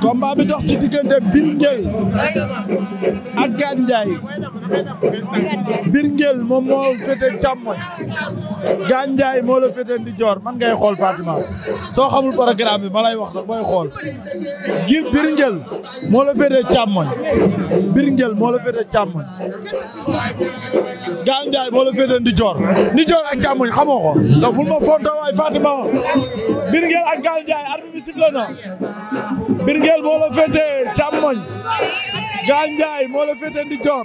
combat bi dox ci diggante Birngel ak Gandiaye Birngel moom moo féete càmmoñ Gaañ Njaay moo la féetee di joor man ngay xool Fatima soo xamul programme bi ma wax nag booy xool gir Birngel moo la féetee càmmoñ Birngel moo la Gaañ Njaay moo la féetee di joor di joor ak càmmoñ xamoo ko donc bul ma fonta waay Fatima Birngel ak Gaañ Njaay arbitre bi sifflé na Birngel moo la féetee càmmoñ Gaañ Njaay moo la féetee di joor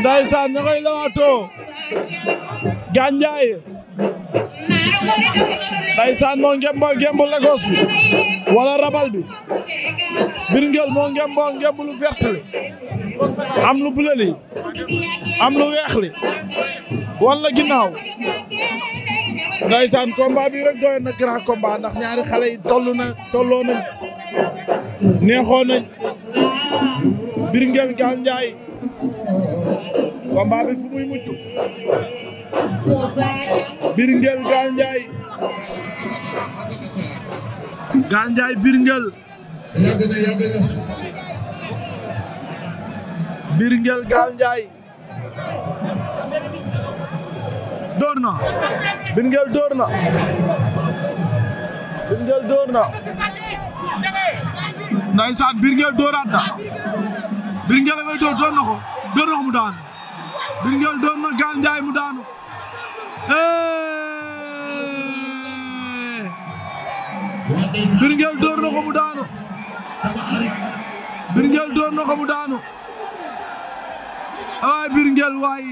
ndaysaan ña ngay lawaatoo Gandiaye ndaysaan moo ngemboo ngembu Lagos bi wala rabal moo ngemboo ngembu lu vert am lu bleu am lu weex li wala ginnaaw ndaysaan combat bi rek doyoon na grand combat ndax ñaari xale yi toll na tolloo nañ neexoo combat bi fu muy mujj Birngel Gaal Njaay Gaal Njaay Birngel yàgg na yàgg na Birngel Gaal Njaay door na Birngel door na Birngel door na ndaysaan Birngel dooraat na Birngel ngay door door na ko door na ko mu daan Mbir Ngeel doon na Gaal Ndiaye mu daanu Mbir Ngeel door na mu daanu Mbir Ngeel door na ko mu daanu awaay Mbir Ngeel waay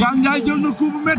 Gaal Ndiaye jël na coup mu daanu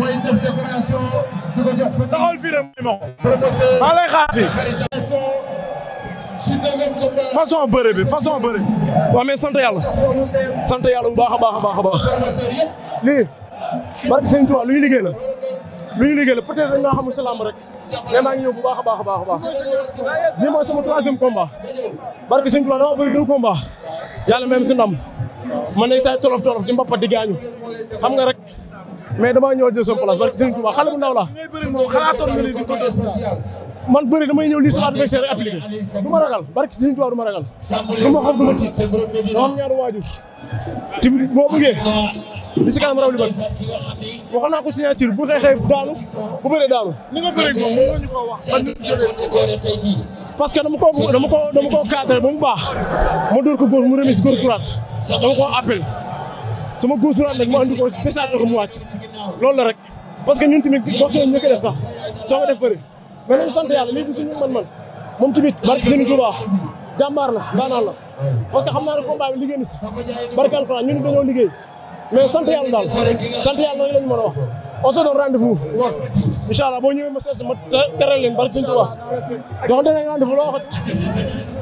mooy def décoration di ko jàpp. taxawal fii rek ma ko. promoteur maa lay xaar fii. façon bëre bi façon bëre. waaw mais sant yàlla. sant yàlla bu baax a baax a baax baax. lii. barke sëñ Tuubaa lu ñu liggéey la. lu ñu liggéey la peut-être dañ maa xamul si rek. nee naa ngi ñëw bu baax a baax a baax a baax. lii mooy sama troisième combat. barke sëñ Tuubaa dama bëri deux combat. yàlla même si ndam. ma nekk say tolof tolof di mbappat di xam nga rek. mais damaa ñëw jël sama place barke Serigne Touba xale bu ndaw laa. xalaatoon man bëri damay ñëw lii sama adversaire rek ragal barke Serigne Touba du ragal du boo bëggee li si kanam raw naa ko signature bu xeexee daanu bu bëree daanu. ni nga bëree moom moo ñu ko wax man ñu jëlee parce que dama koo dama koo ba mu baax ma dóor ko góor mu remis góor kuraat dama koo appel. sama góos droit nag ma andi ko pesage ko mu wàcc loolu la rek parce que ñun tamit boxe ñu ko def sax soo ko def bëri mais nañu sant yàlla lii du suñu man-man moom tamit barke Sëriñ Tuubaa jàmbaar la daanaan la parce que xam naa ne combat bi liggéey na si barke Alxuraan ñun dañoo liggéey mais sant yàlla daal sant yàlla rek lañu mën a wax on se donne rendez boo ñëwee ma seet ma teral leen barke Sëriñ Tuubaa donc danañ rendez-vous loo waxati